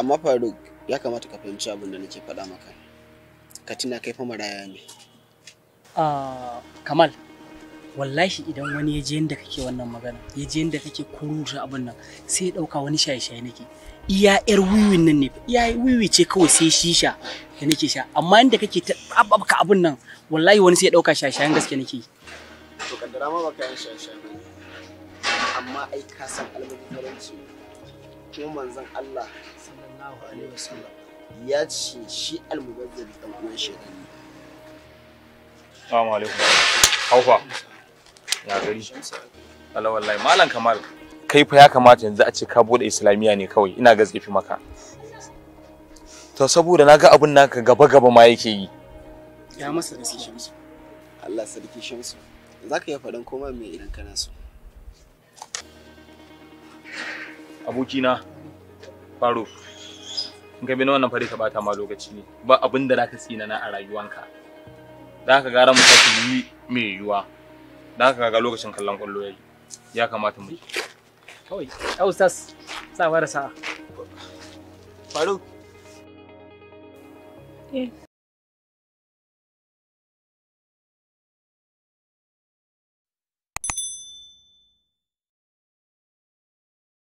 amma faruk ya kamata ka fahimci abin da nake faɗa maka ka tuna kai fa maraya ne uh, kamal wallahi idan wani ya je inda kake wannan magana ya je inda kake kuruta abin nan sai ya ɗauka wani shaye-shaye nake iya yar wiwi nan ne iya wiwi ce kawai sai shisha da nake sha amma inda kake ta abin nan wallahi wani sai ya ɗauka shaye-shayen gaske nake to kaddara ma baka yin shaye-shaye amma ai ka san ne. kuma manzan Allah sallallahu alaihi wasallam ya ce shi almubazzir dan uwan shaitan ni. assalamu alaikum haufa ya gari Allah wallahi malam kamal kai fa ya kamata yanzu a ce ka bude islamiya ne kawai ina ga tsefi maka to saboda naga abin naka gaba gaba ma yake yi ya masa da shi Allah sarki shi zaka ya faɗin koma mai idan kana so abokina faro in ka bi na wannan fare ka bata ma lokaci ne ba abin da zaka tsina na a rayuwanka za ka gara mu yi mai yiwuwa da ka ga lokacin kallon kwallo yayi ya kamata mu yi kawai ya sa fara sa'a faro eh.